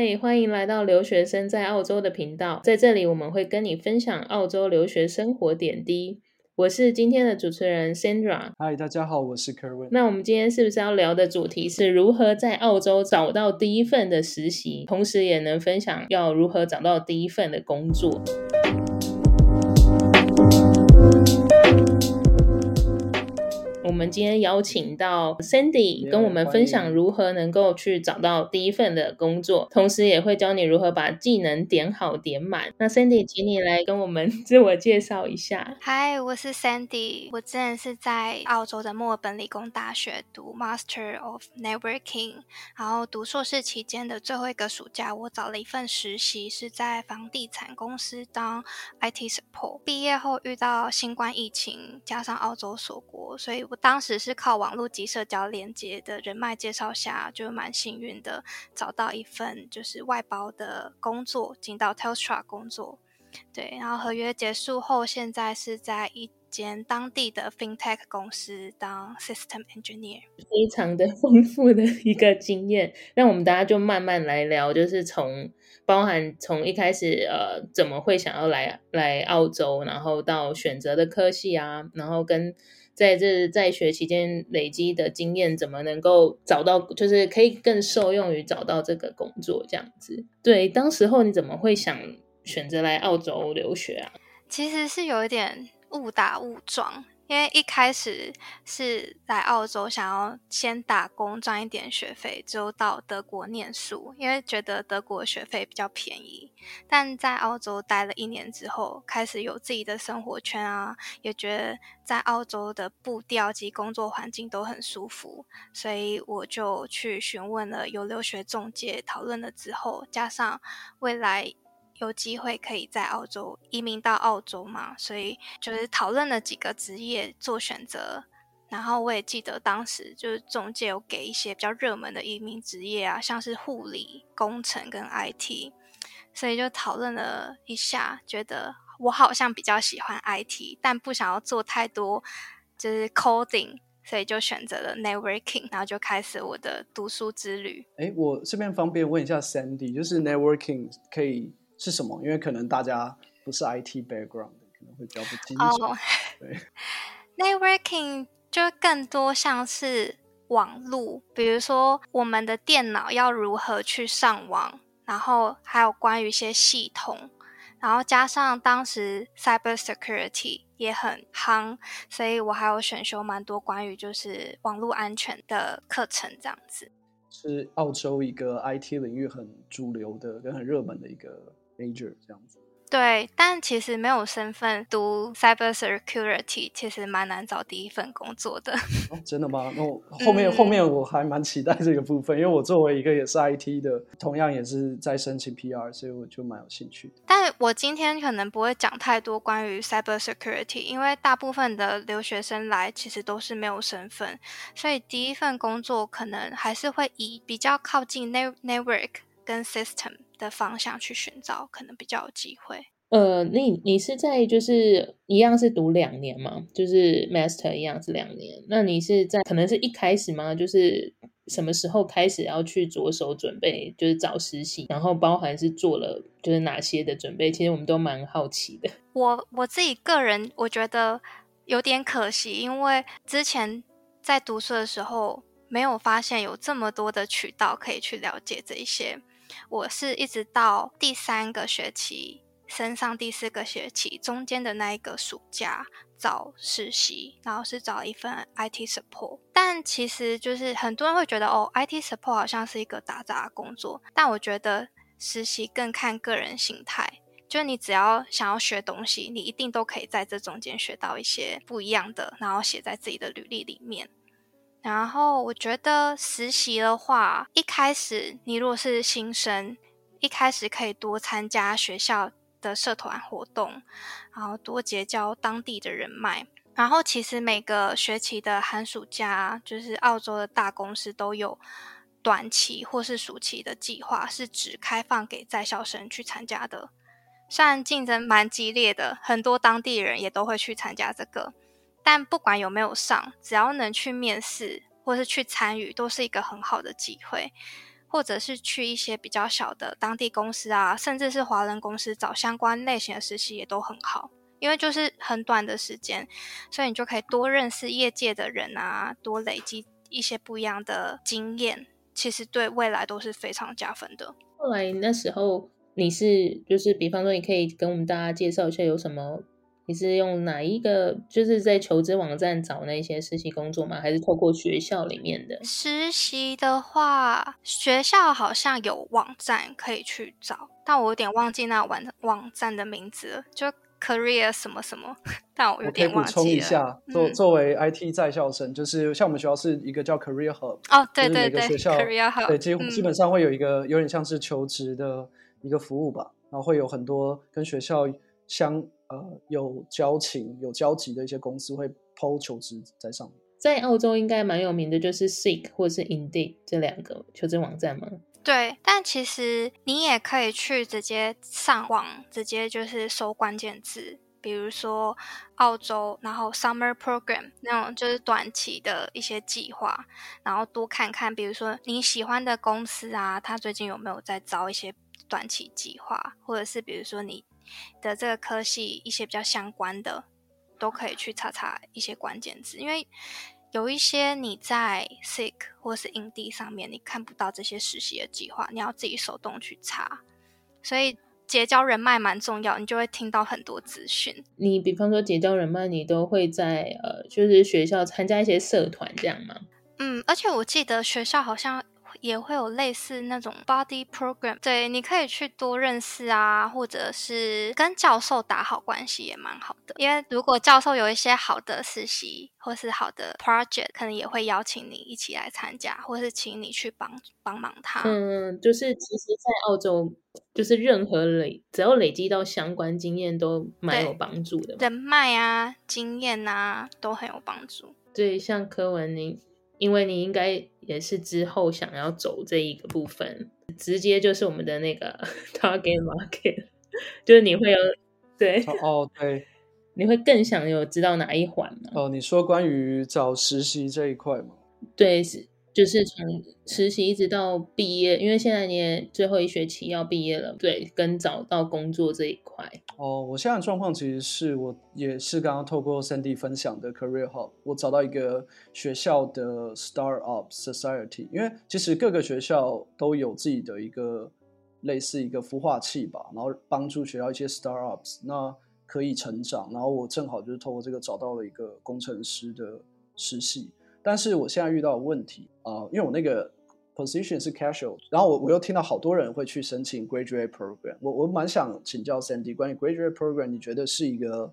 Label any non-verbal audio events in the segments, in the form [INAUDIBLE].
嗨，歡迎來到留學生在澳洲的頻道。在這裡，我們會跟你分享澳洲留學生活點滴。我是今天的主持人 Sandra。嗨，大家好，我是 Kerwin。那我們今天是不是要聊的主題是如何在澳洲找到第一份的實習，同時也能分享要如何找到第一份的工作？我們今天邀請到 Sandy 跟我們分享如何能夠去找到第一份的工作，同時也會教你如何把技能點好點滿。那 Sandy，請對你來跟我們自我介紹一下。Hi，我是 Sandy，我之前是在澳洲的墨爾本理工大學讀 Master of Networking，然後讀碩士期間的最後一個暑假，我找了一份實習是在房地產公司當 IT Support。畢業後遇到新冠疫情，加上澳洲鎖國，所以我。當時是靠網絡及社交連接的人脈介紹下，就蠻幸運的找到一份就是外包的工作，進到 Telstra 工作。對，然後合約結束後，現在是在一間當地的 FinTech 公司當 System Engineer，非常的豐富的一個經驗。那我們大家就慢慢來聊，就是從包含從一開始呃，怎麼會想要來來澳洲，然後到選擇的科系啊，然後跟。在這在學期間累積的經驗，怎麼能夠找到，就是可以更受用於找到這個工作這樣子。對，當時候你怎麼會想選擇來澳洲留學啊？其實是有一點誤打誤撞。因為一開始是來澳洲想要先打工賺一點學費，之後到德國念書，因為覺得德國學費比較便宜。但在澳洲待了一年之後，開始有自己的生活圈啊，也覺得在澳洲的步調及工作環境都很舒服，所以我就去詢問了有留學仲介，討論了之後，加上未來。有機會可以在澳洲移民到澳洲嘛？所以就是討論了幾個職業做選擇，然後我也記得當時就是中介有給一些比較熱門的移民職業啊，像是護理、工程跟 IT，所以就討論了一下，覺得我好像比較喜歡 IT，但不想要做太多就是 coding，所以就選擇了 networking，然後就開始我的讀書之旅。哎、欸，我順便方便問一下 Sandy，就是 networking 可以。是什麼？因為可能大家不是 IT background，可能會比較不清楚。Oh, 對 [LAUGHS] ，networking 就更多像是網絡，比如說我們的電腦要如何去上網，然後還有關於一些系統，然後加上當時 cyber security 也很夯，所以我還有選修蠻多關於就是網絡安全的課程這樣子。是澳洲一個 IT 領域很主流的跟很熱門的一個 major 這樣子，對，但其實沒有身份讀 cybersecurity，其實蠻難找第一份工作的。哦、真的嗎？那我後面、嗯、後面我還蠻期待這個部分，因為我作為一個也是 IT 的，同樣也是在申請 PR，所以我就蠻有興趣。但我今天可能不會講太多關於 cybersecurity，因為大部分的留學生來其實都是沒有身份，所以第一份工作可能還是會以比較靠近 network。跟 system 的方向去尋找，可能比較有機會。呃，你你是在就是一樣是讀兩年嘛，就是 master 一樣是兩年。那你是在可能是一開始嗎？就是什麼時候開始要去着手準備，就是找實習，然後包含是做了就是哪些的準備？其實我們都蠻好奇的。我我自己個人我覺得有點可惜，因為之前在讀書的時候沒有發現有這麼多的渠道可以去了解這些。我是一直到第三個學期升上第四個學期，中間的那一個暑假找實習，然後是找一份 IT support。但其實就是很多人會覺得，哦，IT support 好像是一個打雜工作。但我覺得實習更看個人心態，就你只要想要學東西，你一定都可以在這中間學到一些不一樣的，然後寫在自己的履歷裡面。然後我覺得實習的話，一開始你如果是新生，一開始可以多參加學校的社團活動，然後多結交當地的人脈。然後其實每個學期的寒暑假，就是澳洲的大公司都有短期或是暑期的計劃，是只開放給在校生去參加的。雖然競爭蠻激烈的，很多當地人也都會去參加這個。但不管有沒有上，只要能去面試或是去參與，都是一個很好的機會。或者是去一些比較小的當地公司啊，甚至是華人公司找相關類型的實習也都很好，因為就是很短的時間，所以你就可以多認識業界的人啊，多累積一些不一樣的經驗。其實對未來都是非常加分的。後來那時候你是就是，比方說你可以跟我們大家介紹一下有什麼。你是用哪一個？就是在求職網站找那些實習工作嗎？還是透過學校裡面的實習的話，學校好像有網站可以去找，但我有點忘記那網網站的名字了，就 Career 什麼什麼。但我有點忘記了，我可以補充一下，嗯、作作為 IT 在校生，就是像我們學校是一個叫 Career Hub 哦，對對對，Career Hub，對，幾乎、er、基本上會有一個、嗯、有點像是求職的一個服務吧，然後會有很多跟學校相。呃，有交情、有交集的一些公司會拋求職在上面。在澳洲應該蠻有名的就是 Seek 或是 Indeed 這兩個求職網站嗎？對，但其實你也可以去直接上網，直接就是搜關鍵字，比如說澳洲，然後 Summer Program 那種就是短期的一些計劃，然後多看看，比如說你喜歡的公司啊，他最近有沒有在招一些短期計劃，或者是比如說你的這個科系一些比較相關的，都可以去查查一些關鍵字，因為有一些你在 Seek 或是 Indeed 上面你看不到這些實習的計劃，你要自己手動去查，所以結交人脈蠻重要，你就會聽到很多資訊。你比方說結交人脈，你都會在呃，就是學校參加一些社團這樣嗎？嗯，而且我記得學校好像。也會有類似那種 body program，對，你可以去多認識啊，或者是跟教授打好關係也蠻好的。因為如果教授有一些好的實習或是好的 project，可能也會邀請你一起來參加，或者是請你去幫幫忙他。嗯，就是其實，在澳洲，就是任何累只要累積到相關經驗都蠻有幫助的，人脈啊、經驗啊都很有幫助。對，像柯文，你因為你應該。也是之後想要走這一個部分，直接就是我們的那個 target market，就是你會有，對。哦，對，oh, oh, okay. 你會更想有知道哪一環呢？哦，oh, 你說關於找實習這一塊嗎？對，是。就是從實習一直到畢業，因為現在你也最後一學期要畢業了，對，跟找到工作這一塊。哦，我現在的狀況其實是我也是剛剛透過 Sandy 分享的 Career Hub，我找到一個學校的 Startup Society，因為其實各個學校都有自己的一個類似一個孵化器吧，然後幫助學校一些 Startups 那可以成長。然後我正好就是透過這個找到了一個工程師的實習。但是我現在遇到的問題啊，呃，因為我那個 position 是 casual，然後我我又聽到好多人會去申請 graduate program，我我蠻想請教 Sandy 關於 graduate program，你覺得是一個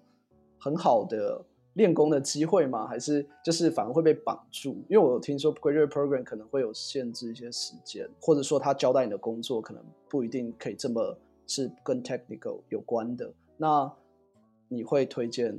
很好的練功的機會嗎？還是就是反而會被綁住？因為我有聽說 graduate program 可能會有限制一些時間，或者說他交代你的工作可能不一定可以這麼是跟 technical 有關的。那你會推薦？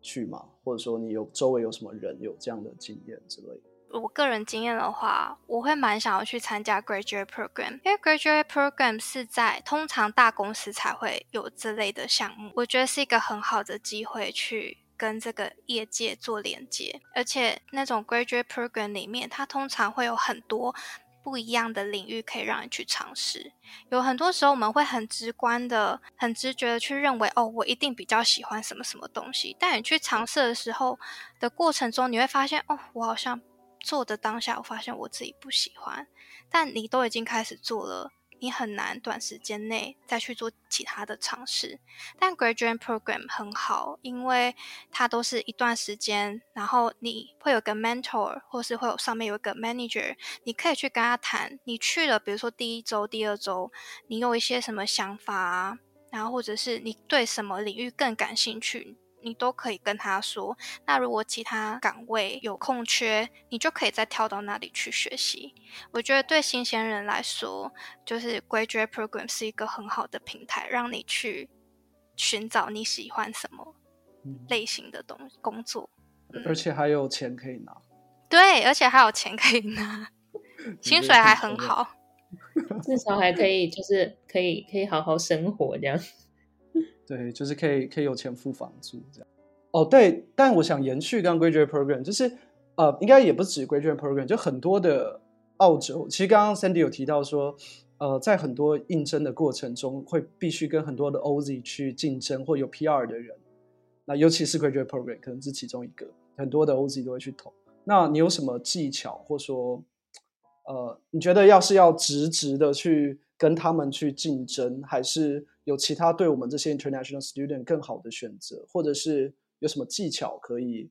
去嗎？或者說你有周圍有什麼人有這樣的經驗之類？我個人經驗的話，我會蠻想要去參加 graduate program，因為 graduate program 是在通常大公司才會有這類的項目，我覺得是一個很好的機會去跟這個業界做連接，而且那種 graduate program 裡面，它通常會有很多。不一樣的領域可以讓你去嘗試。有很多時候我們會很直觀的、很直覺的去認為，哦，我一定比較喜歡什麼什麼東西。但你去嘗試的時候的過程中，你會發現，哦，我好像做的當下，我發現我自己不喜歡。但你都已經開始做了。你很難短時間內再去做其他的嘗試，但 Graduate Program 很好，因為它都是一段時間，然後你會有個 mentor 或是會有上面有一個 manager，你可以去跟他談，你去了，比如說第一周、第二周，你有一些什麼想法啊，然後或者是你對什麼領域更感興趣。你都可以跟他說。那，如果其他崗位有空缺，你就可以再跳到那裡去學習。我覺得對新鮮人來說，就是 Graduate Program 是一個很好的平台，讓你去尋找你喜歡什麼類型的東工作。嗯、而且還有錢可以拿。對，而且還有錢可以拿， [LAUGHS] 薪水還很好， [LAUGHS] 至少還可以就是可以可以好好生活這樣。對，就是可以可以有錢付房租這樣。哦、oh，對，但我想延續剛 graduate program，就是呃，應該也不止 graduate program，就很多的澳洲，其實剛剛 Sandy 有提到說，呃，在很多應徵的過程中，會必須跟很多的 OZ 去競爭，或有 PR 的人，那尤其是 graduate program 可能是其中一個，很多的 OZ 都會去投。那你有什麼技巧，或說呃，你覺得要是要直直的去？跟他們去競爭，還是有其他對我們這些 international student 更好的選擇，或者是有什麼技巧可以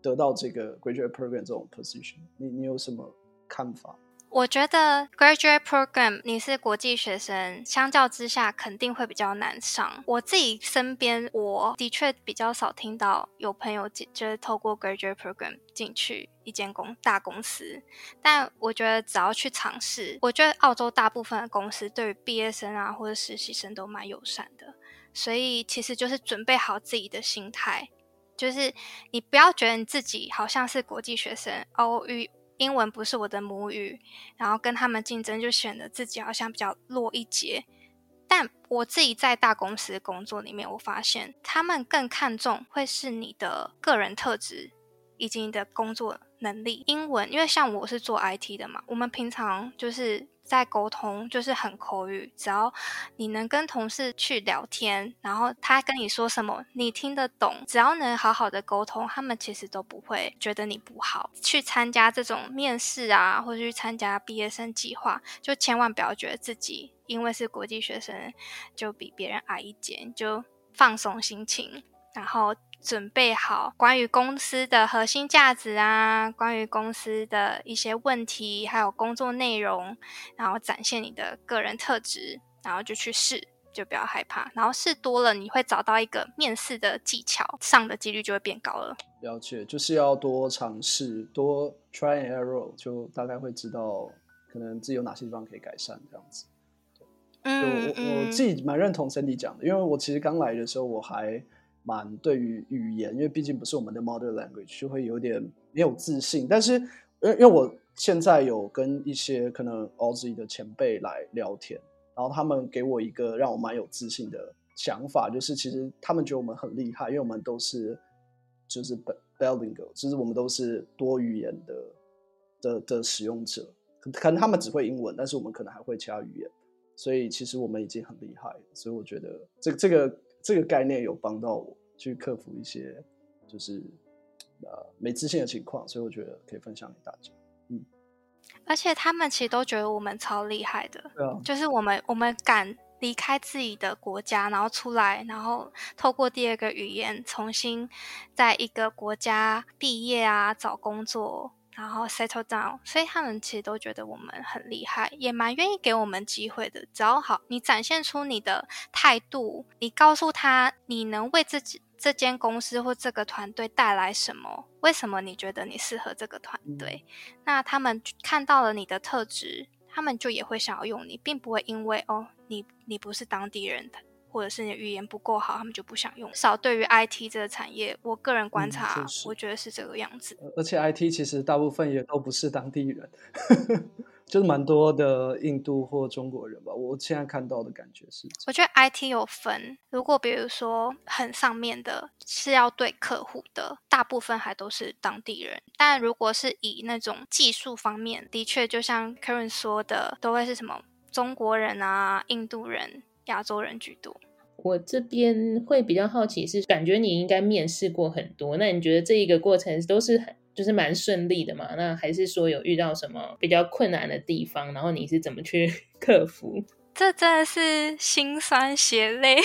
得到這個 graduate program 這種 position？你你有什麼看法？我覺得 graduate program 你是國際學生，相較之下肯定會比較難上。我自己身邊，我的確比較少聽到有朋友就是透過 graduate program 進去一間公大公司。但我覺得只要去嘗試，我覺得澳洲大部分的公司對於畢業生啊或者實習生都蠻友善的。所以其實就是準備好自己的心態，就是你不要覺得你自己好像是國際學生，哦，遇。英文不是我的母語，然後跟他們競爭就顯得自己好像比較弱一截。但我自己在大公司工作裡面，我發現他們更看重會是你的個人特質以及你的工作能力。英文，因為像我是做 IT 的嘛，我們平常就是。在溝通就是很口語，只要你能跟同事去聊天，然後他跟你說什麼，你聽得懂，只要能好好的溝通，他們其實都不會覺得你不好。去參加這種面試啊，或者去參加畢業生計劃，就千萬不要覺得自己因為是國際學生就比別人矮一截，就放鬆心情，然後。準備好關於公司的核心價值啊，關於公司的一些問題，還有工作內容，然後展現你的個人特質，然後就去試，就不要害怕。然後試多了，你會找到一個面試的技巧，上的幾率就會變高了。了解，就是要多嘗試，多 try and error，就大概會知道可能自己有哪些地方可以改善，這樣子。嗯嗯。我自己蠻認同 Sandy 講的，嗯、因為我其實剛來的時候我還。蠻對於語言，因為畢竟不是我們的 mother language，就會有點沒有自信。但是，因因為我現在有跟一些可能 Aussie 的前輩來聊天，然後他們給我一個讓我蠻有自信的想法，就是其實他們覺得我們很厲害，因為我們都是就是 b, bilingual 其實我們都是多語言的的的使用者。可能他們只會英文，但是我們可能還會其他語言，所以其實我們已經很厲害。所以我覺得這這個。這個概念有幫到我去克服一些，就是呃沒自信的情況，所以我覺得可以分享給大家。嗯，而且他們其實都覺得我們超厲害的，啊、就是我們我們敢離開自己的國家，然後出來，然後透過第二個語言重新在一個國家畢業啊，找工作。然後 settle down，所以他們其實都覺得我們很厲害，也蠻願意給我們機會的。只要好，你展現出你的態度，你告訴他你能為這這間公司或這個團隊帶來什麼，為什麼你覺得你適合這個團隊，嗯、那他們看到了你的特質，他們就也會想要用你，並不會因為哦，你你不是當地人的。或者是你的語言不夠好，他們就不想用。少對於 IT 這個產業，我個人觀察，嗯就是、我覺得是這個樣子。而且 IT 其實大部分也都不是當地人， [LAUGHS] 就是蠻多的印度或中國人吧。我現在看到的感覺是，我覺得 IT 有分。如果比如說很上面的是要對客戶的，大部分還都是當地人。但如果是以那種技術方面，的確就像 Karen 說的，都會是什麼中國人啊、印度人。亞洲人居多，我這邊會比較好奇是，感覺你應該面試過很多，那你覺得這一個過程都是很就是蠻順利的嗎？那還是說有遇到什麼比較困難的地方，然後你是怎麼去克服？這真的是心酸血淚。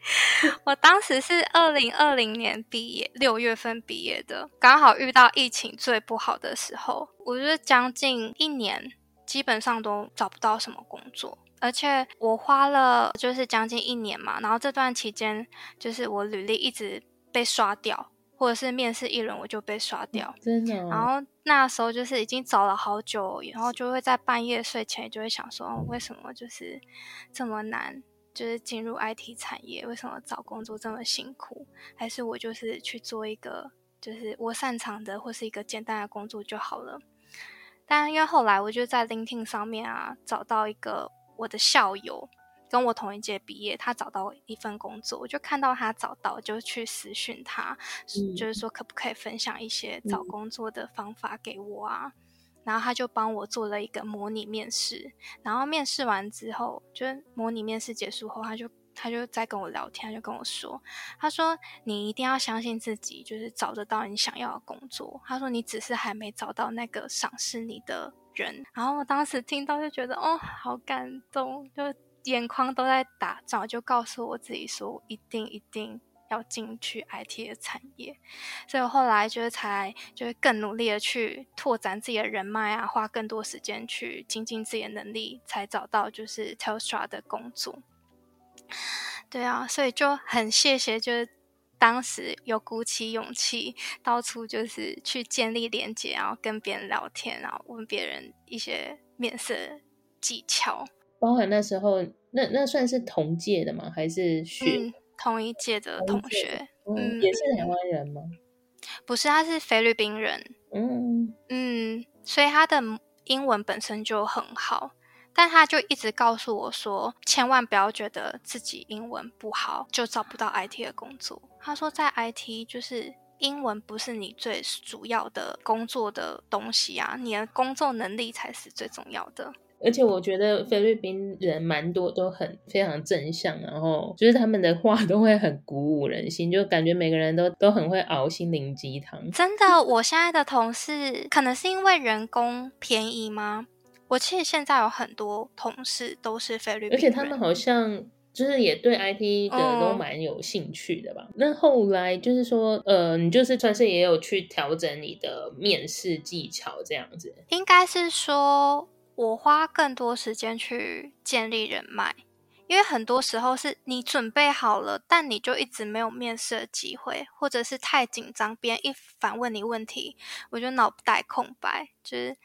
[LAUGHS] 我當時是二零二零年畢業，六月份畢業的，剛好遇到疫情最不好的時候，我覺得將近一年基本上都找不到什麼工作。而且我花了就是將近一年嘛，然後這段期間就是我履歷一直被刷掉，或者是面試一輪我就被刷掉，嗯、真的、啊。然後那時候就是已經找了好久，然後就會在半夜睡前就會想說，為什麼就是這麼難，就是進入 IT 產業，為什麼找工作這麼辛苦？還是我就是去做一個就是我擅長的或是一個簡單的工作就好了？但因為後來我就在 LinkedIn 上面啊找到一個。我的校友跟我同一屆畢業，他找到一份工作，我就看到他找到，就去私訊他，嗯、就是說可不可以分享一些找工作的方法給我啊？嗯、然後他就幫我做了一個模擬面試，然後面試完之後，就模擬面試結束後，他就他就在跟我聊天，他就跟我說，他說你一定要相信自己，就是找得到你想要的工作。他說你只是還沒找到那個賞識你的。然後我當時聽到就覺得哦，好感動，就眼眶都在打轉，就告訴我自己說，一定一定要進去 IT 的產業。所以我後來就才就是更努力的去拓展自己的人脈啊，花更多時間去精進自己的能力，才找到就是 Telstra 的工作。對啊，所以就很謝謝就是。當時有鼓起勇氣，到處就是去建立連接，然後跟別人聊天，然後問別人一些面試技巧。包含那時候，那那算是同屆的嗎？還是學、嗯、同一屆的同學同？嗯，也是台灣人嗎、嗯？不是，他是菲律賓人。嗯嗯，所以他的英文本身就很好。但他就一直告訴我說，千萬不要覺得自己英文不好就找不到 IT 的工作。他說，在 IT 就是英文不是你最主要的工作的東西啊，你的工作能力才是最重要的。而且我覺得菲律賓人蠻多都很非常正向，然後就是他們的話都會很鼓舞人心，就感覺每個人都都很會熬心靈雞湯。真的，我現在的同事可能是因為人工便宜嗎？我其實現在有很多同事都是菲律賓，而且他們好像就是也對 IT 的都蠻有興趣的吧。那後來就是說，呃，你就是專業也有去調整你的面試技巧這樣子。應該是說我花更多時間去建立人脈，因為很多時候是你準備好了，但你就一直沒有面試的機會，或者是太緊張，別人一反問你問題，我就腦袋空白，就是。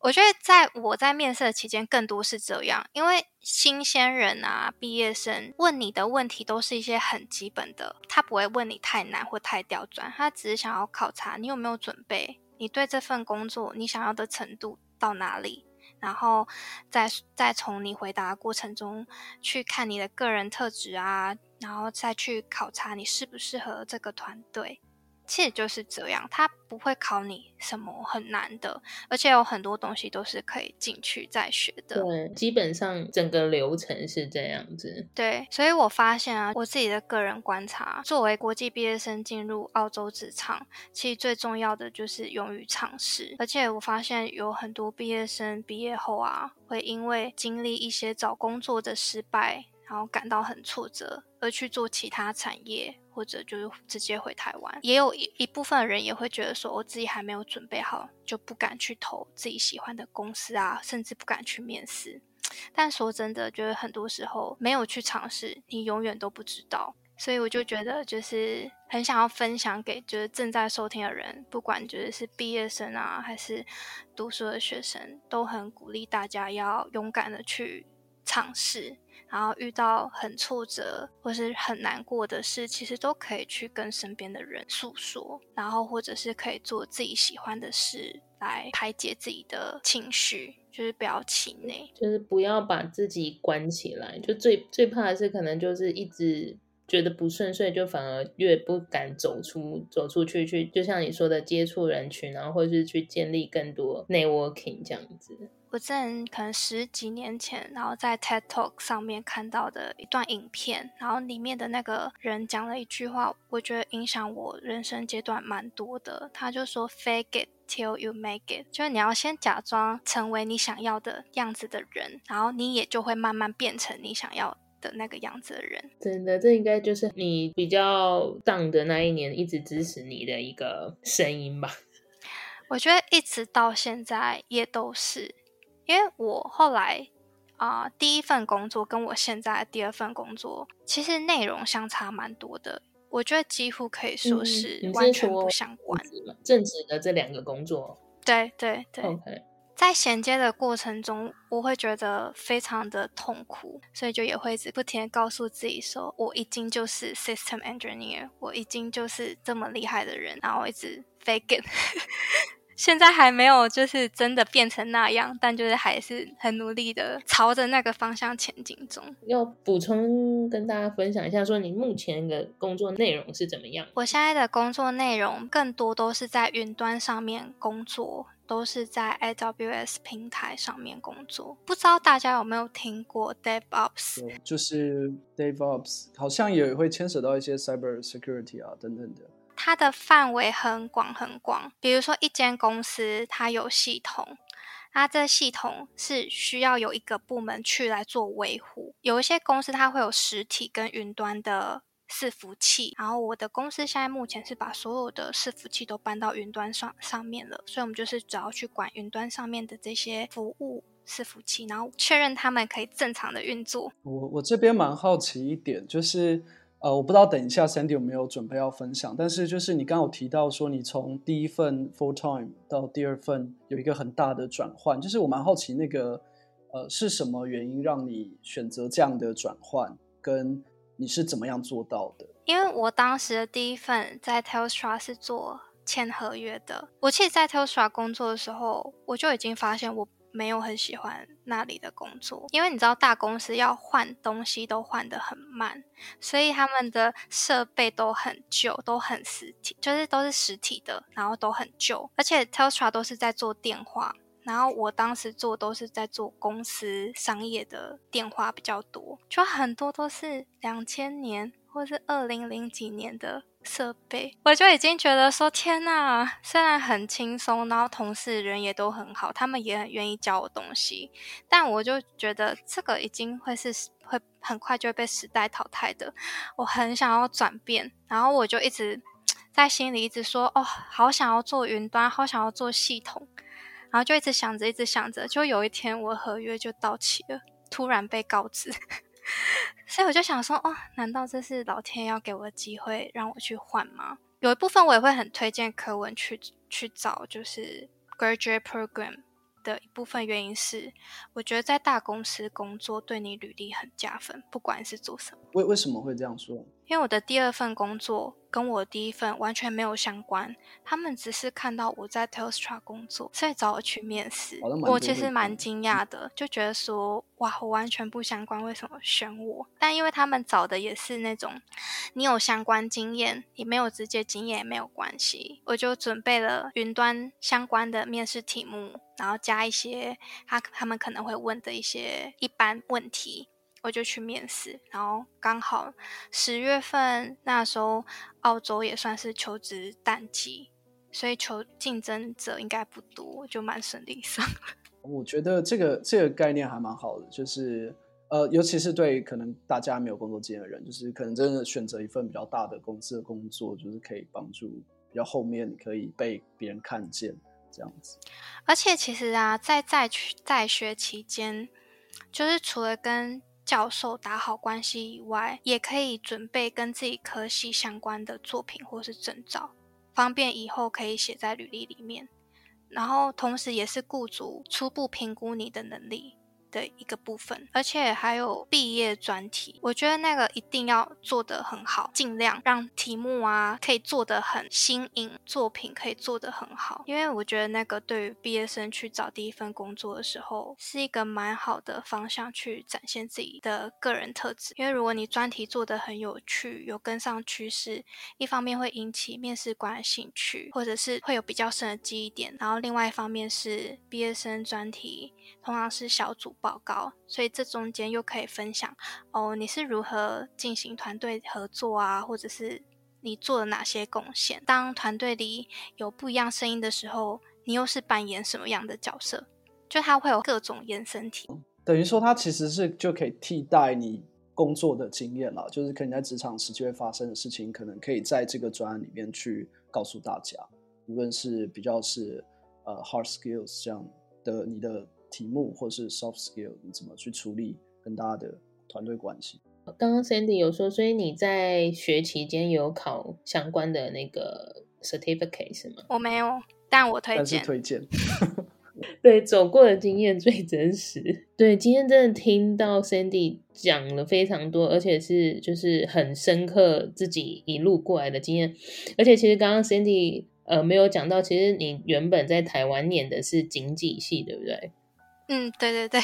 我覺得在我在面試的期間，更多是這樣，因為新鮮人啊，畢業生問你的問題都是一些很基本的，他不會問你太難或太刁鑽，他只是想要考察你有沒有準備，你對這份工作你想要的程度到哪裡，然後再再從你回答的過程中去看你的個人特質啊，然後再去考察你適不適合這個團隊。其實就是這樣，他不會考你什麼很難的，而且有很多東西都是可以進去再學的。對，基本上整個流程是這樣子。對，所以我發現啊，我自己的個人觀察，作為國際畢業生進入澳洲職場，其實最重要的就是勇於嘗試。而且我發現有很多畢業生畢業後啊，會因為經歷一些找工作的失敗，然後感到很挫折，而去做其他產業。或者就是直接回台灣，也有一一部分人也會覺得說，我自己還沒有準備好，就不敢去投自己喜歡的公司啊，甚至不敢去面試。但說真的，就是很多時候沒有去嘗試，你永遠都不知道。所以我就覺得，就是很想要分享給就是正在收聽的人，不管就是是畢業生啊，還是讀書的學生，都很鼓勵大家要勇敢的去。嘗試，然後遇到很挫折或是很難過的事，其實都可以去跟身邊的人訴說，然後或者是可以做自己喜歡的事來排解自己的情緒，就是不要氣餒，就是不要把自己關起來。就最最怕的是，可能就是一直。覺得不順遂，就反而越不敢走出走出去去，就像你說的接觸人群，然後或是去建立更多 networking 這樣子。我之前可能十幾年前，然後在 TED Talk 上面看到的一段影片，然後裡面的那個人講了一句話，我覺得影響我人生階段蠻多的。他就說 Fake it till you make it，就是你要先假裝成為你想要的樣子的人，然後你也就會慢慢變成你想要的的那個樣子的人，真的，這應該就是你比較 down 的那一年一直支持你的一個聲音吧。我覺得一直到現在也都是，因為我後來啊、呃，第一份工作跟我現在的第二份工作其實內容相差蠻多的，我覺得幾乎可以說是完全不相關。嗯、正職的這兩個工作，對對對。對對 okay. 在銜接的過程中，我會覺得非常的痛苦，所以就也會一直不停的告訴自己說，我已經就是 System Engineer，我已經就是這麼厲害的人，然後一直 fake it。 [LAUGHS] 現在還沒有就是真的變成那樣，但就是還是很努力的朝着那個方向前進中。要補充跟大家分享一下，說你目前的工作內容是怎麼樣？我現在的工作內容更多都是在雲端上面工作。都是在 AWS 平台上面工作，不知道大家有沒有聽過 DevOps？就是 DevOps，好像也會牽扯到一些 Cyber Security 啊、等等的。它的範圍很廣很廣，比如說一間公司它有系統，它這系統是需要有一個部門去來做維護。有一些公司它會有實體跟雲端的伺服器，然後我的公司現在目前是把所有的伺服器都搬到雲端上上面了，所以我們就是主要去管雲端上面的這些服務伺服器，然後確認他們可以正常的運作。我我這邊蠻好奇一點，就是呃，我不知道等一下 Sandy 有沒有準備要分享，但是就是你剛剛有提到說你從第一份 full time 到第二份有一個很大的轉換，就是我蠻好奇那個呃是什麼原因讓你選擇這樣的轉換跟。你是怎麼樣做到的？因為我當時的第一份在 Telstra 是做簽合約的。我其實在 Telstra 工作的時候，我就已經發現我沒有很喜歡那裡的工作，因為你知道大公司要換東西都換得很慢，所以他們的設備都很舊，都很實體，就是都是實體的，然後都很舊。而且 Telstra 都是在做電話。然後我當時做都是在做公司商業的電話比較多，就很多都是兩千年或是二零零幾年的設備，我就已經覺得說：天吶，雖然很輕鬆，然後同事人也都很好，他們也很願意教我東西，但我就覺得這個已經會是，會很快就會被時代淘汰的。我很想要轉變，然後我就一直在心裡一直說：“哦，好想要做雲端，好想要做系統。”然後就一直想着，一直想着，就有一天我合約就到期了，突然被告知， [LAUGHS] 所以我就想說，哦，難道這是老天要給我的機會讓我去換嗎？有一部分我也會很推薦柯文去去找，就是 graduate program 的一部分原因是，是我覺得在大公司工作對你履歷很加分，不管是做什麼。為為什麼會這樣說？因為我的第二份工作跟我的第一份完全沒有相關，他們只是看到我在 Telstra 工作，所以找我去面試。我其實蠻驚訝的，嗯、就覺得說，哇，我完全不相關，為什麼選我？但因為他們找的也是那種，你有相關經驗，你沒有直接經驗也沒有關係。我就準備了雲端相關的面試題目，然後加一些他他們可能會問的一些一般問題。我就去面試，然後剛好十月份那時候，澳洲也算是求職淡季，所以求競爭者應該不多，就蠻順利上。我覺得這個這個概念還蠻好的，就是呃，尤其是對可能大家沒有工作經驗的人，就是可能真的選擇一份比較大的公司的工作，就是可以幫助比較後面你可以被別人看見這樣子。而且其實啊，在在在學期間，就是除了跟教授打好關係以外，也可以準備跟自己科系相關的作品或是證照，方便以後可以寫在履歷裡面。然後，同時也是雇主初步評估你的能力。的一個部分，而且還有畢業專題，我覺得那個一定要做得很好，盡量讓題目啊可以做得很新穎，作品可以做得很好，因為我覺得那個對於畢業生去找第一份工作的時候，是一個蠻好的方向去展現自己的個人特質。因為如果你專題做得很有趣，有跟上趨勢，一方面會引起面試官的興趣，或者是會有比較深的記憶點，然後另外一方面是畢業生專題通常是小組報告，所以這中間又可以分享哦，你是如何進行團隊合作啊，或者是你做了哪些貢獻？當團隊裡有不一樣聲音的時候，你又是扮演什麼樣的角色？就它會有各種衍生題、嗯，等於說它其實是就可以替代你工作的經驗啦。就是可能在職場實際會發生的事情，可能可以在這個專案裡面去告訴大家，無論是比較是呃 hard skills 這樣的你的。題目或是 soft skill，你怎麼去處理跟大家的團隊關係？剛剛 Sandy 有說，所以你在學期間有考相關的那個 certificate 是嗎？我沒有，但我推薦，但是推薦。 [LAUGHS] [LAUGHS] 對，走過的經驗最真實。對，今天真的聽到 Sandy 講了非常多，而且是就是很深刻自己一路過來的經驗。而且其實剛剛 Sandy 呃沒有講到，其實你原本在台灣念的是經濟系，對不對？嗯，對對對，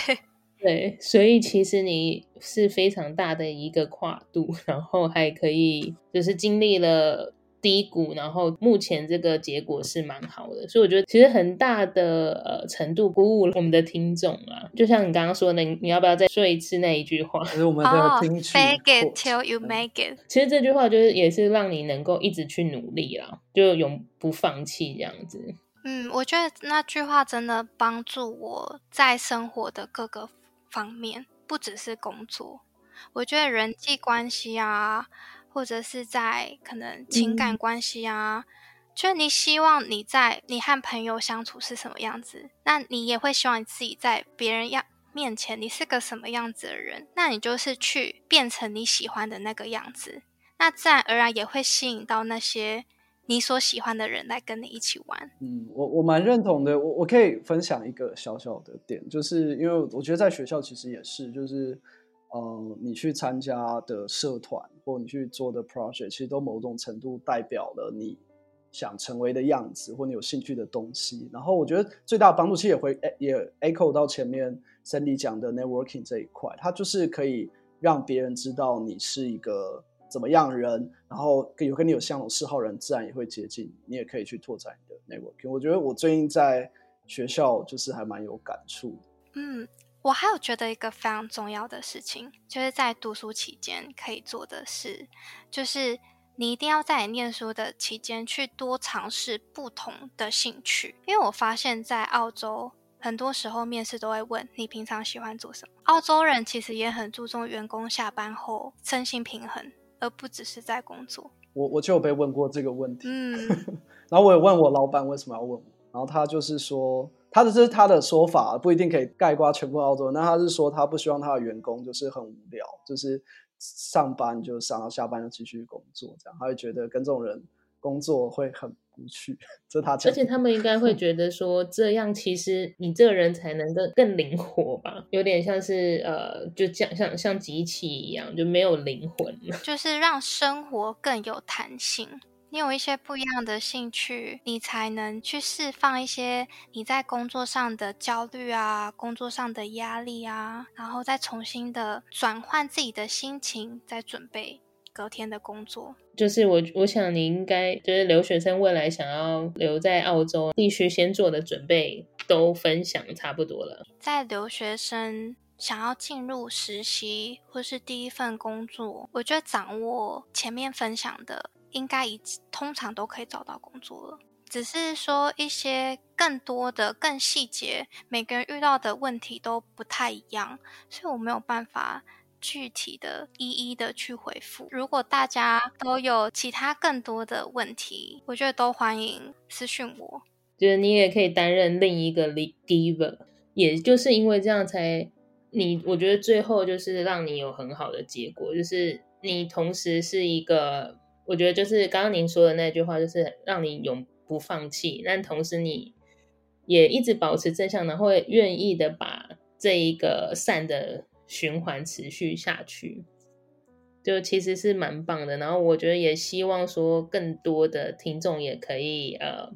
對，所以其實你是非常大的一個跨度，然後還可以就是經歷了低谷，然後目前這個結果是蠻好的，所以我覺得其實很大的呃程度鼓舞了我們的聽眾啊，就像你剛剛說的，你，你要不要再說一次那一句話？其實我們要聽。哦，Fake it till you make it。其實這句話就是也是讓你能夠一直去努力啊，就永不放棄這樣子。嗯，我覺得那句話真的幫助我在生活的各個方面，不只是工作。我覺得人際關係啊，或者是在可能情感關係啊，嗯，就你希望你在你和朋友相處是什麼樣子，那你也會希望你自己在別人要面前你是個什麼樣子的人，那你就是去變成你喜歡的那個樣子，那自然而然也會吸引到那些，你所喜歡的人來跟你一起玩，嗯，我我蠻認同的。我我可以分享一個小小的點，就是因為我覺得在學校其實也是，就是，嗯、呃，你去參加的社團或你去做的 project，其實都某種程度代表了你想成為的樣子或你有興趣的東西。然後我覺得最大的幫助其實也會也 echo 到前面 Sandy 講的 networking 這一塊，它就是可以讓別人知道你是一個怎麼樣人，然後有跟你有相同嗜好人，自然也會接近你，你也可以去拓展你的 networking。我覺得我最近在學校就是還蠻有感觸。嗯，我還有覺得一個非常重要的事情，就是在讀書期間可以做的事，就是你一定要在你念書的期間去多嘗試不同的興趣，因為我發現，在澳洲很多時候面試都會問你平常喜歡做什麼。澳洲人其實也很注重員工下班後身心平衡。而不只是在工作。我，我就有被問過這個問題。嗯， [LAUGHS] 然後我也問我老板為什麼要問我，然後他就是說，他的這是他的說法，不一定可以概括全部澳洲。那他是說，他不希望他的員工就是很無聊，就是上班就上，到下班就繼續工作，這樣他會覺得跟這種人工作會很。不去，這他而且他們應該會覺得說， [LAUGHS] 這樣其實你這個人才能更更靈活吧，有點像是呃，就這樣像像機器一樣，就沒有靈魂。就是讓生活更有彈性，你有一些不一樣的興趣，你才能去釋放一些你在工作上的焦慮啊，工作上的壓力啊，然後再重新的轉換自己的心情，再準備隔天的工作，就是我我想你應該就是留學生未來想要留在澳洲，必須先做的準備都分享差不多了。在留學生想要進入實習或是第一份工作，我覺得掌握前面分享的，應該已通常都可以找到工作了。只是說一些更多的更細節，每個人遇到的問題都不太一樣，所以我沒有辦法。具體的，一一的去回覆。如果大家都有其他更多的問題，我覺得都歡迎私訊我。就是你也可以擔任另一個 leader，也就是因為這樣才你，我覺得最後就是讓你有很好的結果。就是你同時是一個，我覺得就是剛剛您說的那句話，就是讓你永不放棄，但同時你也一直保持正向的，然後會願意的把這一個善的。循環持續下去，就其實是蠻棒的。然後我覺得也希望說，更多的聽眾也可以呃，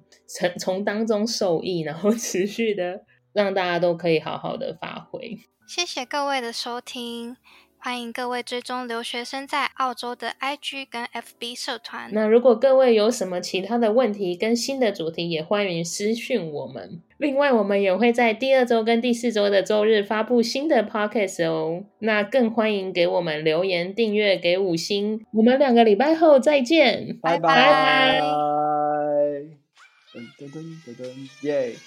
從當中受益，然後持續的讓大家都可以好好的發揮。謝謝各位的收聽。歡迎各位追蹤留學生在澳洲的 IG 跟 FB 社團。那如果各位有什麼其他的問題跟新的主題，也歡迎私訊我們。另外，我們也會在第二周跟第四周的周日發布新的 podcast 哦。那更歡迎給我們留言、訂閱、給五星。我們兩個禮拜後再見，拜拜。拜拜。噔噔噔噔，耶！